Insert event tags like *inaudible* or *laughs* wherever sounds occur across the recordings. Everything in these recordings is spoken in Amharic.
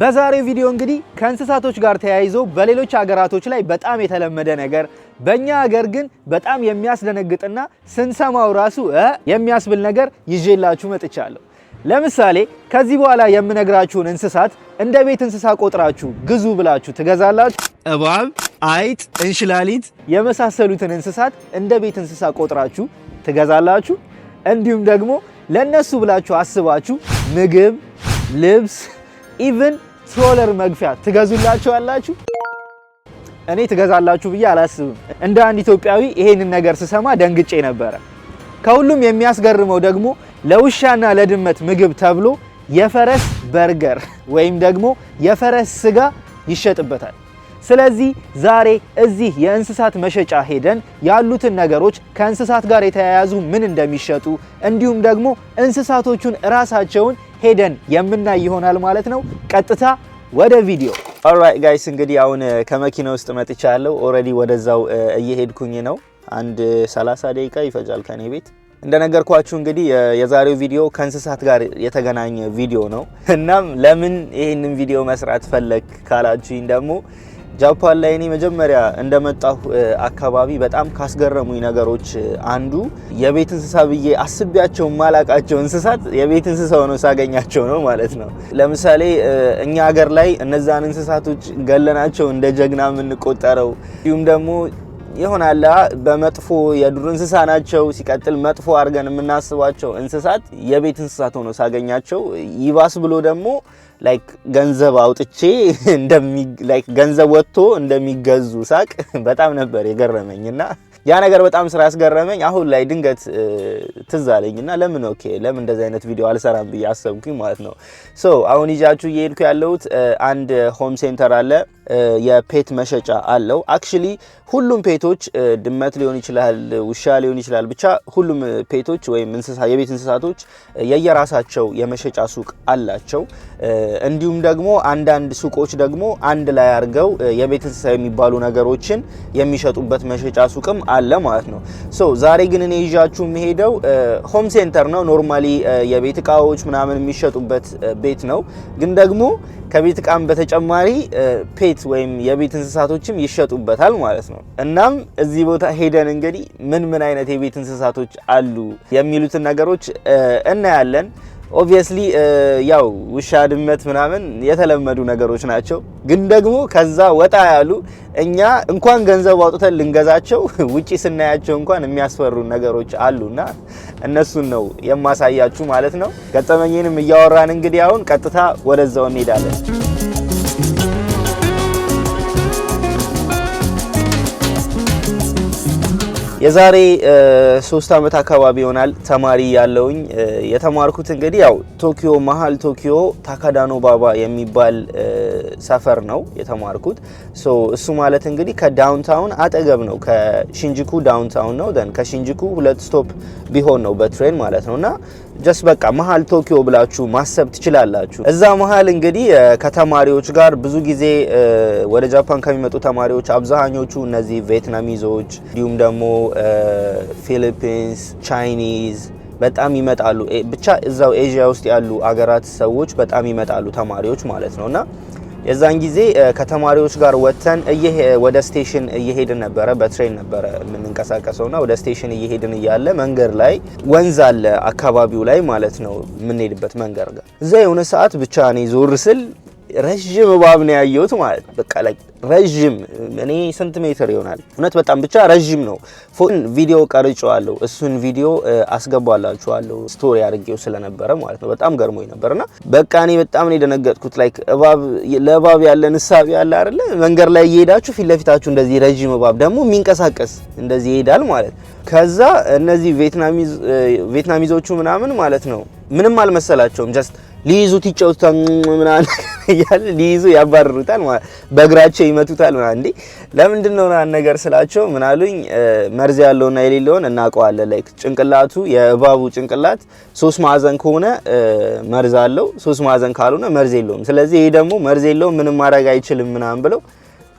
በዛሬው ቪዲዮ እንግዲህ ከእንስሳቶች ጋር ተያይዞ በሌሎች ሀገራቶች ላይ በጣም የተለመደ ነገር በእኛ ሀገር ግን በጣም የሚያስደነግጥና ስንሰማው ራሱ የሚያስብል ነገር ይዤላችሁ መጥቻለሁ። ለምሳሌ ከዚህ በኋላ የምነግራችሁን እንስሳት እንደ ቤት እንስሳ ቆጥራችሁ ግዙ ብላችሁ ትገዛላችሁ። እባብ፣ አይጥ፣ እንሽላሊት የመሳሰሉትን እንስሳት እንደ ቤት እንስሳ ቆጥራችሁ ትገዛላችሁ። እንዲሁም ደግሞ ለእነሱ ብላችሁ አስባችሁ ምግብ፣ ልብስ ኢቭን ትሮለር መግፊያ ትገዙላችሁ አላችሁ? እኔ ትገዛላችሁ ብዬ አላስብም። እንደ አንድ ኢትዮጵያዊ ይሄንን ነገር ስሰማ ደንግጬ ነበረ። ከሁሉም የሚያስገርመው ደግሞ ለውሻና ለድመት ምግብ ተብሎ የፈረስ በርገር ወይም ደግሞ የፈረስ ስጋ ይሸጥበታል። ስለዚህ ዛሬ እዚህ የእንስሳት መሸጫ ሄደን ያሉትን ነገሮች ከእንስሳት ጋር የተያያዙ ምን እንደሚሸጡ እንዲሁም ደግሞ እንስሳቶቹን እራሳቸውን ሄደን የምናይ ይሆናል ማለት ነው። ቀጥታ ወደ ቪዲዮ ኦልራይት ጋይስ እንግዲህ አሁን uh, ከመኪና ውስጥ መጥቻለሁ። ኦልሬዲ ወደዛው uh, እየሄድኩኝ ነው። አንድ 30 ደቂቃ ይፈጃል ከኔ ቤት። እንደነገርኳችሁ እንግዲህ uh, የዛሬው ቪዲዮ ከእንስሳት ጋር የተገናኘ ቪዲዮ ነው። *laughs* እናም ለምን ይህንን ቪዲዮ መስራት ፈለግ ካላችሁኝ ደግሞ ጃፓን ላይ እኔ መጀመሪያ እንደመጣሁ አካባቢ በጣም ካስገረሙኝ ነገሮች አንዱ የቤት እንስሳ ብዬ አስቤያቸው ማላቃቸው እንስሳት የቤት እንስሳ ሆነው ሳገኛቸው ነው ማለት ነው። ለምሳሌ እኛ ሀገር ላይ እነዛን እንስሳቶች ገለናቸው እንደ ጀግና የምንቆጠረው እንዲሁም ደግሞ ይሆናላ በመጥፎ የዱር እንስሳ ናቸው። ሲቀጥል መጥፎ አድርገን የምናስባቸው እንስሳት የቤት እንስሳት ሆኖ ሳገኛቸው ይባስ ብሎ ደግሞ ላይክ ገንዘብ አውጥቼ ላይክ ገንዘብ ወጥቶ እንደሚገዙ ሳቅ በጣም ነበር የገረመኝና ያ ነገር በጣም ስራ ያስገረመኝ አሁን ላይ ድንገት ትዝ ለምን ኦኬ ለምን እንደዚህ አይነት ቪዲዮ አልሰራም ብዬ አሰብኩኝ ማለት ነው። ሶ አሁን ይዣችሁ እየሄድኩ ያለሁት አንድ ሆም ሴንተር አለ። የፔት መሸጫ አለው። አክቹሊ ሁሉም ፔቶች ድመት ሊሆን ይችላል፣ ውሻ ሊሆን ይችላል፣ ብቻ ሁሉም ፔቶች ወይም የቤት እንስሳቶች የየራሳቸው የመሸጫ ሱቅ አላቸው። እንዲሁም ደግሞ አንዳንድ ሱቆች ደግሞ አንድ ላይ አድርገው የቤት እንስሳ የሚባሉ ነገሮችን የሚሸጡበት መሸጫ ሱቅም አለ ማለት ነው። ሶ ዛሬ ግን እኔ ይዣችሁ የሚሄደው ሆም ሴንተር ነው። ኖርማሊ የቤት እቃዎች ምናምን የሚሸጡበት ቤት ነው። ግን ደግሞ ከቤት እቃም በተጨማሪ ፔት ወይም የቤት እንስሳቶችም ይሸጡበታል ማለት ነው። እናም እዚህ ቦታ ሄደን እንግዲህ ምን ምን አይነት የቤት እንስሳቶች አሉ የሚሉትን ነገሮች እናያለን። ኦብቪየስሊ eh, ያው ውሻ፣ ድመት ምናምን የተለመዱ ነገሮች ናቸው። ግን ደግሞ ከዛ ወጣ ያሉ እኛ እንኳን ገንዘብ አውጥተን ልንገዛቸው *laughs* ውጪ ስናያቸው እንኳን የሚያስፈሩ ነገሮች አሉና እነሱን ነው የማሳያችሁ ማለት ነው። ገጠመኝንም እያወራን እንግዲህ አሁን ቀጥታ ወደዛው እንሄዳለን። የዛሬ ሶስት አመት አካባቢ ይሆናል ተማሪ ያለውኝ የተማርኩት እንግዲህ ያው ቶኪዮ መሀል ቶኪዮ ታካዳኖ ባባ የሚባል ሰፈር ነው የተማርኩት። እሱ ማለት እንግዲህ ከዳውንታውን አጠገብ ነው፣ ከሽንጅኩ ዳውንታውን ነው። ደን ከሽንጅኩ ሁለት ስቶፕ ቢሆን ነው በትሬን ማለት ነው እና ጀስት በቃ መሀል ቶኪዮ ብላችሁ ማሰብ ትችላላችሁ። እዛ መሀል እንግዲህ ከተማሪዎች ጋር ብዙ ጊዜ ወደ ጃፓን ከሚመጡ ተማሪዎች አብዛኞቹ እነዚህ ቪየትናሚዞች እንዲሁም ደግሞ ፊሊፒንስ፣ ቻይኒዝ በጣም ይመጣሉ። ብቻ እዛው ኤዥያ ውስጥ ያሉ አገራት ሰዎች በጣም ይመጣሉ ተማሪዎች ማለት ነው እና የዛን ጊዜ ከተማሪዎች ጋር ወጥተን ወደ ስቴሽን እየሄድን ነበረ። በትሬን ነበረ የምንንቀሳቀሰውና ወደ ስቴሽን እየሄድን እያለ መንገድ ላይ ወንዝ አለ አካባቢው ላይ ማለት ነው የምንሄድበት መንገድ ጋር እዛ የሆነ ሰዓት ብቻ እኔ ዞር ስል ረዥም እባብ ነው ያየሁት። ማለት በቃ ላይ ረዥም እኔ ስንት ሜትር ይሆናል እውነት በጣም ብቻ ረዥም ነው። ፎን ቪዲዮ ቀርጬዋለሁ። እሱን ቪዲዮ አስገባላችኋለሁ ስቶሪ አድርጌው ስለነበረ ማለት ነው። በጣም ገርሞኝ ነበርና በቃ እኔ በጣም ነው የደነገጥኩት። ላይክ እባብ ለእባብ ያለ እሳቢ ያለ አይደለ? መንገድ ላይ እየሄዳችሁ ፊት ለፊታችሁ እንደዚህ ረዥም እባብ ደግሞ የሚንቀሳቀስ እንደዚህ ይሄዳል ማለት ከዛ እነዚህ ቬትናሚዞቹ ምናምን ማለት ነው ምንም አልመሰላቸውም ጀስት ሊይዙት ይጫወቱታል ምናምን እያለ ሊይዙ ያባርሩታል፣ በእግራቸው ይመቱታል ምናምን። እንዴ ለምንድን ነው ነገር ስላቸው ምናሉኝ፣ መርዝ ያለውና የሌለውን እናውቀዋለን። ላይክ ጭንቅላቱ የእባቡ ጭንቅላት ሶስት ማዕዘን ከሆነ መርዝ አለው፣ ሶስት ማዕዘን ካልሆነ መርዝ የለውም። ስለዚህ ይሄ ደግሞ መርዝ የለውም ምንም ማድረግ አይችልም ምናምን ብለው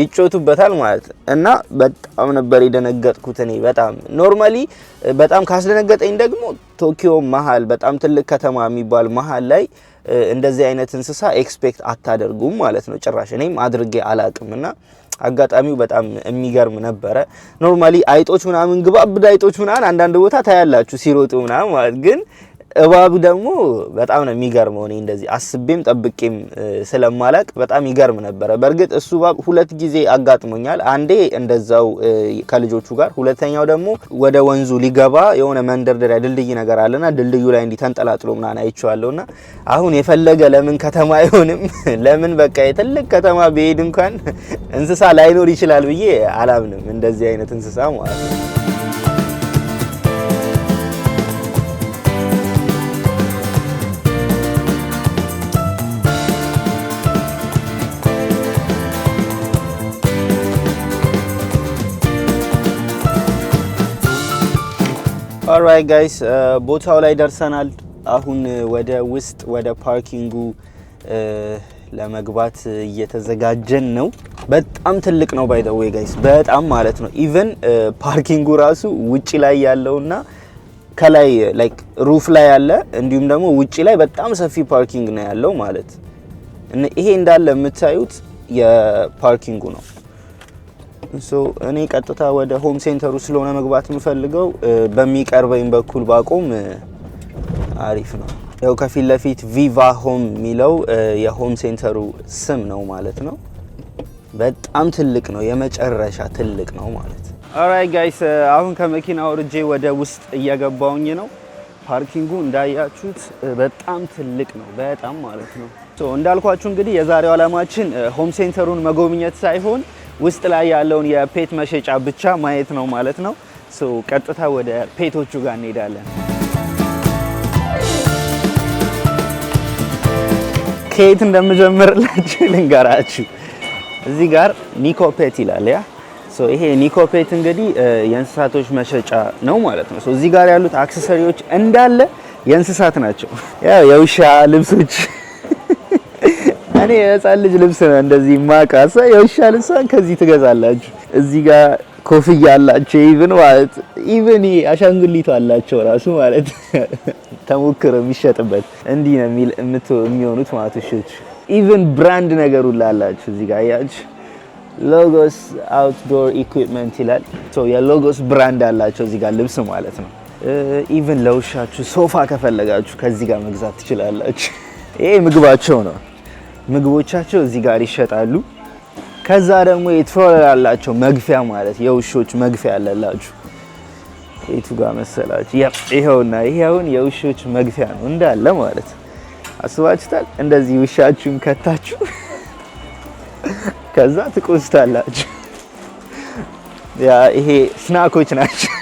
ይጮቱበታል ማለት ነው። እና በጣም ነበር የደነገጥኩት እኔ በጣም ኖርማሊ። በጣም ካስደነገጠኝ ደግሞ ቶኪዮ መሀል በጣም ትልቅ ከተማ የሚባል መሀል ላይ እንደዚህ አይነት እንስሳ ኤክስፔክት አታደርጉም ማለት ነው ጭራሽ። እኔም አድርጌ አላቅም እና አጋጣሚው በጣም የሚገርም ነበረ። ኖርማሊ አይጦች ምናምን ግባብድ አይጦች ምናምን አንዳንድ ቦታ ታያላችሁ ሲሮጡ ምናምን ማለት ግን እባቡ ደግሞ በጣም ነው የሚገርመው። እኔ እንደዚህ አስቤም ጠብቄም ስለማላቅ በጣም ይገርም ነበረ። በእርግጥ እሱ እባብ ሁለት ጊዜ አጋጥሞኛል። አንዴ እንደዛው ከልጆቹ ጋር፣ ሁለተኛው ደግሞ ወደ ወንዙ ሊገባ የሆነ መንደርደሪያ ድልድይ ነገር አለና ድልድዩ ላይ እንዲህ ተንጠላጥሎ ምናምን አይቼዋለሁና አሁን የፈለገ ለምን ከተማ አይሆንም ለምን በቃ የትልቅ ከተማ ብሄድ እንኳን እንስሳ ላይኖር ይችላል ብዬ አላምንም። እንደዚህ አይነት እንስሳ ማለት ነው። ኦራይ ጋይስ uh, ቦታው ላይ ደርሰናል። አሁን ወደ ውስጥ ወደ ፓርኪንጉ uh, ለመግባት እየተዘጋጀን ነው። በጣም ትልቅ ነው ባይ ዘ ዌይ ጋይስ፣ በጣም ማለት ነው። ኢቨን uh, ፓርኪንጉ ራሱ ውጪ ላይ ያለውና ከላይ ላይክ ሩፍ ላይ ያለ እንዲሁም ደግሞ ውጪ ላይ በጣም ሰፊ ፓርኪንግ ነው ያለው ማለት። ይሄ እንዳለ የምታዩት የፓርኪንጉ ነው። እኔ ቀጥታ ወደ ሆም ሴንተሩ ስለሆነ መግባት የምፈልገው በሚቀርበኝ በኩል ባቆም አሪፍ ነው። ያው ከፊት ለፊት ቪቫ ሆም የሚለው የሆም ሴንተሩ ስም ነው ማለት ነው። በጣም ትልቅ ነው፣ የመጨረሻ ትልቅ ነው ማለት ኦራይ ጋይስ፣ አሁን ከመኪና ወርጄ ወደ ውስጥ እየገባውኝ ነው። ፓርኪንጉ እንዳያችሁት በጣም ትልቅ ነው፣ በጣም ማለት ነው። እንዳልኳችሁ እንግዲህ የዛሬው ዓላማችን ሆም ሴንተሩን መጎብኘት ሳይሆን ውስጥ ላይ ያለውን የፔት መሸጫ ብቻ ማየት ነው ማለት ነው። ቀጥታ ወደ ፔቶቹ ጋር እንሄዳለን። ከየት እንደምጀምርላችሁ ልንገራችሁ። እዚህ ጋር ኒኮፔት ይላል ያ ይሄ ኒኮፔት እንግዲህ የእንስሳቶች መሸጫ ነው ማለት ነው። እዚህ ጋር ያሉት አክሰሰሪዎች እንዳለ የእንስሳት ናቸው። ያው የውሻ ልብሶች እኔ የህፃን ልጅ ልብስ ነው እንደዚህ ማቃሰ የውሻ ልብሷን ከዚህ ትገዛላችሁ። እዚህ ጋር ኮፍያ አላቸው። ኢቭን ማለት ኢቭን አሻንጉሊቱ አላቸው ራሱ ማለት *laughs* ተሞክሮ የሚሸጥበት እንዲህ ነው የሚሆኑት ማለት ውሾች። ኢቭን ብራንድ ነገሩ ላላችሁ እዚህ ጋር አያችሁ ሎጎስ አውትዶር ኢኩዊፕመንት ይላል። የሎጎስ ብራንድ አላቸው እዚህ ጋር ልብስ ማለት ነው። ኢቭን ለውሻችሁ ሶፋ ከፈለጋችሁ ከዚህ ጋር መግዛት ትችላላችሁ። ይሄ ምግባቸው ነው። ምግቦቻቸው እዚህ ጋር ይሸጣሉ። ከዛ ደግሞ የትሮለር አላቸው መግፊያ ማለት የውሾች መግፊያ አለላችሁ። የቱ ጋር መሰላችሁ? ይኸውና ይሄ አሁን የውሾች መግፊያ ነው እንዳለ ማለት አስባችሁታል። እንደዚህ ውሻችሁን ከታችሁ ከዛ ትቆስታላችሁ። ያ ይሄ ስናኮች ናቸው።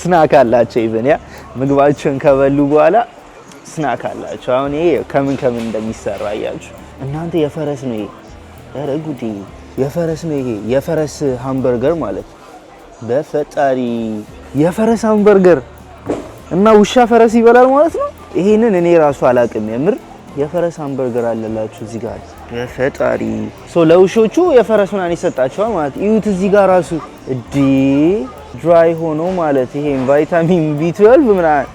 ስናክ አላቸው። ያ ምግባቸውን ከበሉ በኋላ ስናክ አላችሁ። አሁን ይሄ ከምን ከምን እንደሚሰራ እያችሁ እናንተ። የፈረስ ነው ይሄ፣ ኧረ ጉዴ! የፈረስ ነው ይሄ። የፈረስ ሃምበርገር ማለት በፈጣሪ የፈረስ ሃምበርገር እና ውሻ ፈረስ ይበላል ማለት ነው። ይሄንን እኔ ራሱ አላቅም የምር የፈረስ ሃምበርገር አለላችሁ እዚህ ጋር በፈጣሪ ሶ ለውሾቹ የፈረስ ምናምን ይሰጣቸዋል ማለት ይሁት። እዚህ ጋር ራሱ እዲ ድራይ ሆኖ ማለት ይሄን ቫይታሚን ቢ12 ምናምን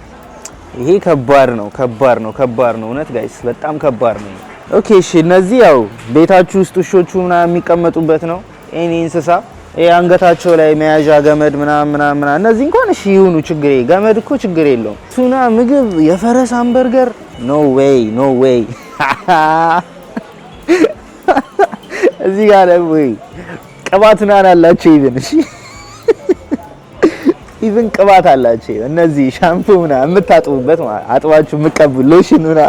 ይሄ ከባድ ነው፣ ከባድ ነው፣ ከባድ ነው። እውነት ጋይስ በጣም ከባድ ነው። ኦኬ እሺ፣ እነዚህ ያው ቤታችሁ ውስጥ ውሾቹ ምናምን የሚቀመጡበት ነው። እኔ እንስሳ አንገታቸው ላይ መያዣ ገመድ ምናምን ምናምን ምናምን እነዚህ እንኳን እሺ ይሁኑ፣ ችግር ገመድ እኮ ችግር የለውም። ቱና ምግብ፣ የፈረስ ሃምበርገር፣ ኖ ዌይ ኖ ዌይ። እዚህ ጋር ቅባት ምናምን አላቸው ይብን እሺ ኢቭን ቅባት አላቸው። እነዚህ ሻምፑ ምናምን የምታጥቡበት አጥባችሁ የምቀቡ ሎሽን ምና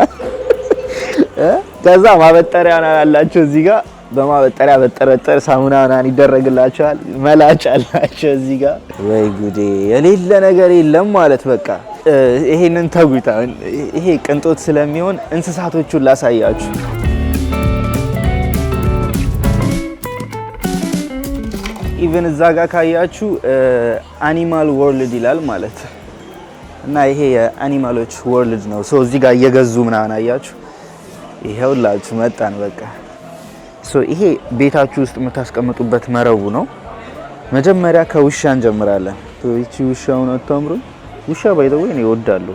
ከዛ ማበጠሪያ ምናምን አላቸው እዚህ ጋር በማበጠሪያ በጠረጠር ሳሙና ምናምን ይደረግላቸዋል። መላጭ አላቸው እዚህ ጋር። ወይ ጉዴ! የሌለ ነገር የለም ማለት በቃ። ይሄንን ተጉታ ይሄ ቅንጦት ስለሚሆን እንስሳቶቹን ላሳያችሁ ኢቨን እዛ ጋር ካያችሁ አኒማል ወርልድ ይላል ማለት እና ይሄ የአኒማሎች ወርልድ ነው። ሶ እዚህ ጋር እየገዙ ምናምን አያችሁ። ይሄውላችሁ መጣን በቃ። ሶ ይሄ ቤታችሁ ውስጥ የምታስቀምጡበት መረቡ ነው። መጀመሪያ ከውሻ እንጀምራለን። ይቺ ውሻውን አታምሩ። ውሻ ባይተው ወይ ነው ይወዳሉ።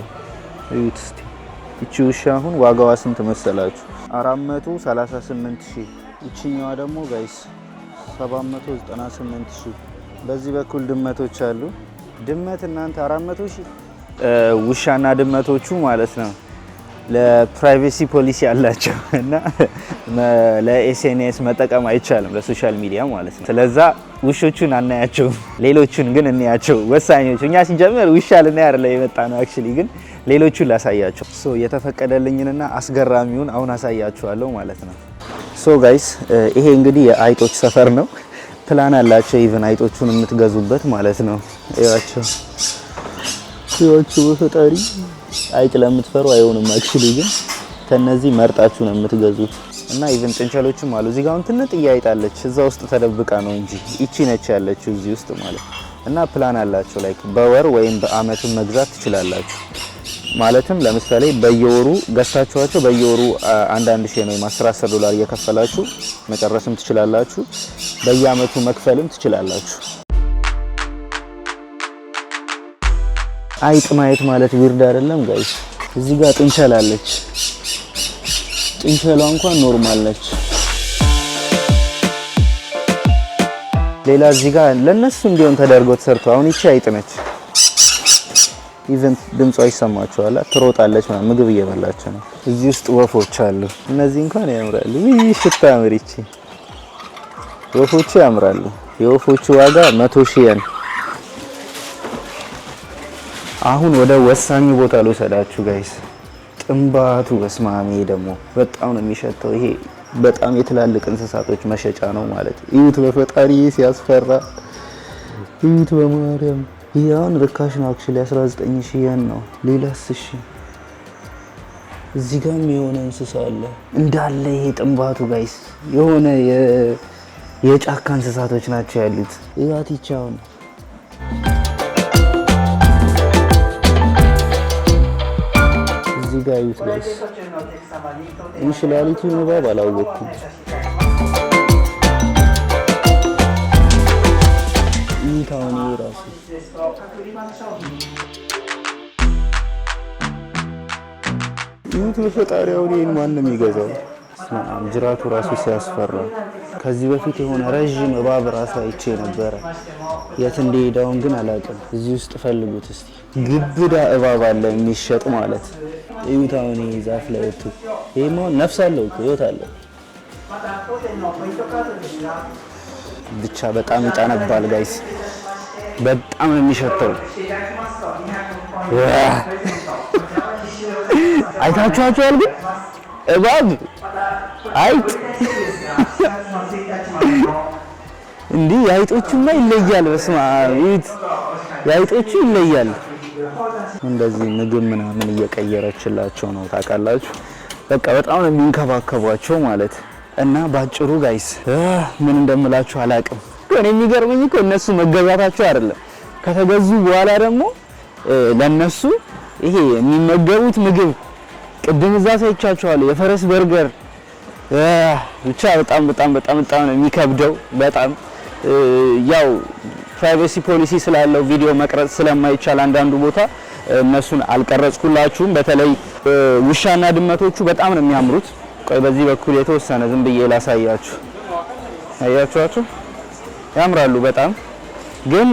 እዩት እስቲ ይቺ ውሻ አሁን ዋጋዋ ስንት መሰላችሁ? 438 ይቺኛዋ ደግሞ ጋይስ 798 ሺህ በዚህ በኩል ድመቶች አሉ። ድመት እናንተ 400 ሺህ ውሻና ድመቶቹ ማለት ነው ለፕራይቬሲ ፖሊሲ አላቸው *laughs* እና ለኤስኤንኤስ መጠቀም አይቻልም፣ ለሶሻል ሚዲያ ማለት ነው። ስለዛ ውሾቹን አናያቸውም፣ ሌሎቹን ግን እንያቸው። ወሳኞቹ እኛ ሲጀምር ውሻ ልናይ አይደለም የመጣ ነው። አክቹዋሊ ግን ሌሎቹን ላሳያቸው የተፈቀደልኝንና አስገራሚውን አሁን አሳያችኋለሁ ማለት ነው። ሶ ጋይስ eh, ይሄ እንግዲህ የአይጦች ሰፈር ነው። ፕላን አላቸው ኢቭን አይጦቹን የምትገዙበት ማለት ነው። እያቸው እያቸው በፈጣሪ አይጥ ለምትፈሩ አይሆንም። አክቹሊ ግን ከነዚህ መርጣችሁ ነው የምትገዙት እና ኢቭን ጥንቸሎችም አሉ። እዚህ ጋውን ትንጥ እያይጣለች እዛ ውስጥ ተደብቃ ነው እንጂ ይቺ ነች ያለችው እዚህ ውስጥ ማለት እና ፕላን አላቸው ላይክ በወር ወይም በአመትም መግዛት ትችላላችሁ። ማለትም ለምሳሌ በየወሩ ገዝታችኋቸው በየወሩ አንዳንድ ሺህ ነው አስር አስር ዶላር እየከፈላችሁ መጨረስም ትችላላችሁ። በየአመቱ መክፈልም ትችላላችሁ። አይጥ ማየት ማለት ዊርድ አይደለም ጋይስ። እዚህ ጋር ጥንቸል አለች። ጥንቸሏ እንኳን ኖርማል ነች። ሌላ እዚህ ጋር ለነሱ እንዲሆን ተደርጎ ተሰርቶ አሁን ይቺ አይጥ ነች። ኢቨን ድምጿ ይሰማችኋል። ትሮጣለች ማለት ምግብ እየበላች ነው። እዚህ ውስጥ ወፎች አሉ። እነዚህ እንኳን ያምራሉ። ይህ ሽታ ምሪቺ ወፎቹ ያምራሉ። የወፎቹ ዋጋ መቶ ሺህ የን። አሁን ወደ ወሳኙ ቦታ ልውሰዳችሁ ጋይስ። ጥንባቱ በስማሚ ደግሞ በጣም ነው የሚሸተው። ይሄ በጣም የትላልቅ እንስሳቶች መሸጫ ነው ማለት እዩት። በፈጣሪ ሲያስፈራ እዩት በማርያም ይህ አሁን ርካሽ ነው። አክቹዋሊ 19 ሺህ የን ነው። ሌላስ? እሺ እዚህ ጋም የሆነ እንስሳ አለ እንዳለ። ይሄ ጥንባቱ ጋይስ የሆነ የጫካ እንስሳቶች ናቸው ያሉት። እያት ይቻውን እዚህ ጋር ዩት ጋይስ እንሽላሊቱ ነው አላወቅኩም። ይህ ታሁን ራሱ ይህ ፈጣሪ አሁን ይህን ማንም ይገዛል? ጅራቱ ራሱ ሲያስፈራ። ከዚህ በፊት የሆነ ረዥም እባብ ራሱ አይቼ ነበረ። የት እንደሄዳውን ግን አላውቅም። እዚህ ውስጥ ፈልጉት እስቲ። ግብዳ እባብ አለ የሚሸጥ ማለት እዩት። አሁን ይህ ዛፍ ላይ ወጥቶ ይህ መሆን ነፍስ አለው እኮ ህይወት አለው። ብቻ በጣም ይጠነባል ጋይስ በጣም ነው የሚሸተው። አይታችኋቸዋል ግን እባብ አይጥ እንዲህ የአይጦቹማ ይለያል። በስመ አብ ይት የአይጦቹ ይለያል። እንደዚህ ምግብ ምናምን እየቀየረችላቸው ነው ታውቃላችሁ። በቃ በጣም ነው የሚንከባከቧቸው ማለት እና በአጭሩ ጋይስ ምን እንደምላችሁ አላቅም። እኔ የሚገርመኝ እኮ እነሱ መገዛታቸው አይደለም። ከተገዙ በኋላ ደግሞ ለነሱ ይሄ የሚመገቡት ምግብ ቅድም እዛ ሳይቻቸዋለሁ የፈረስ በርገር ብቻ በጣም በጣም በጣም በጣም ነው የሚከብደው። በጣም ያው ፕራይቬሲ ፖሊሲ ስላለው ቪዲዮ መቅረጽ ስለማይቻል አንዳንዱ ቦታ እነሱን አልቀረጽኩላችሁም። በተለይ ውሻና ድመቶቹ በጣም ነው የሚያምሩት። ቆይ በዚህ በኩል የተወሰነ ዝም ብዬ ላሳያችሁ። አያችኋቸው ያምራሉ በጣም ግን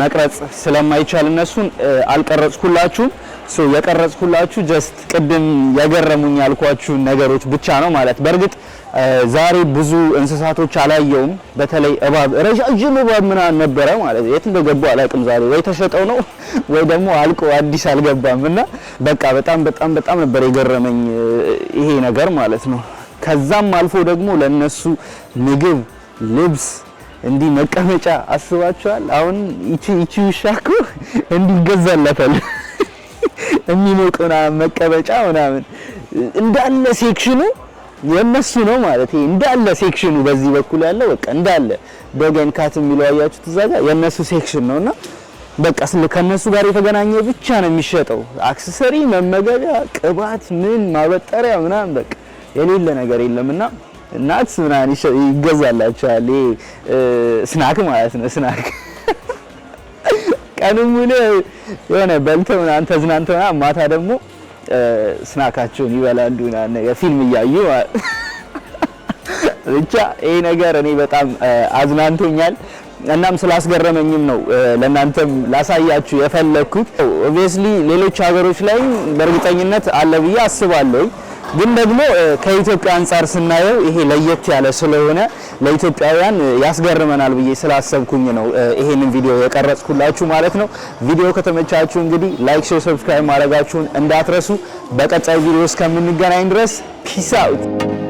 መቅረጽ ስለማይቻል እነሱን አልቀረጽኩላችሁም። ሶ የቀረጽኩላችሁ ጀስት ቅድም የገረሙኝ ያልኳችሁ ነገሮች ብቻ ነው ማለት። በእርግጥ ዛሬ ብዙ እንስሳቶች አላየውም። በተለይ እባብ፣ ረጃጅም እባብ ምናምን ነበረ ማለት የት እንደገቡ አላውቅም። ዛሬ ወይ ተሸጠው ነው *laughs* ወይ ደግሞ አልቆ አዲስ አልገባም እና በቃ በጣም በጣም በጣም ነበር የገረመኝ ይሄ ነገር ማለት ነው። ከዛም አልፎ ደግሞ ለነሱ ምግብ ልብስ እንዲህ መቀመጫ አስባችኋል? አሁን ይቺ ይቺ ውሻ እኮ እንዲህ ይገዛላታል *laughs* የሚሞቅ ምናምን መቀመጫ ምናምን እንዳለ ሴክሽኑ የነሱ ነው ማለት ይሄ እንዳለ ሴክሽኑ በዚህ በኩል ያለ በቃ እንዳለ ደገን ካት የሚለው አያችሁት፣ እዛ ጋር የነሱ ሴክሽን ነውና በቃ ስለ ከነሱ ጋር የተገናኘ ብቻ ነው የሚሸጠው። አክሰሰሪ፣ መመገቢያ፣ ቅባት፣ ምን ማበጠሪያ ምናምን በቃ የሌለ ነገር የለምና እናት ምናምን ይገዛላችኋል። ስናክ ማለት ነው። ስናክ ቀኑን ሙሉ የሆነ በልተው ምናምን ተዝናንተው ምናምን ማታ ደግሞ ስናካቸውን ይበላሉ ምናምን ነገር ፊልም እያዩ ብቻ ይሄ ነገር እኔ በጣም አዝናንቶኛል። እናም ስላስገረመኝም ነው ለእናንተም ላሳያችሁ የፈለግኩት። ኦብቪየስሊ ሌሎች ሀገሮች ላይ በእርግጠኝነት አለ ብዬ አስባለሁ። ግን ደግሞ ከኢትዮጵያ አንጻር ስናየው ይሄ ለየት ያለ ስለሆነ ለኢትዮጵያውያን ያስገርመናል ብዬ ስላሰብኩኝ ነው ይሄንን ቪዲዮ የቀረጽኩላችሁ ማለት ነው። ቪዲዮ ከተመቻችሁ እንግዲህ ላይክ፣ ሼር፣ ሰብስክራይብ ማድረጋችሁን እንዳትረሱ። በቀጣይ ቪዲዮ እስከምንገናኝ ድረስ ፒስ አውት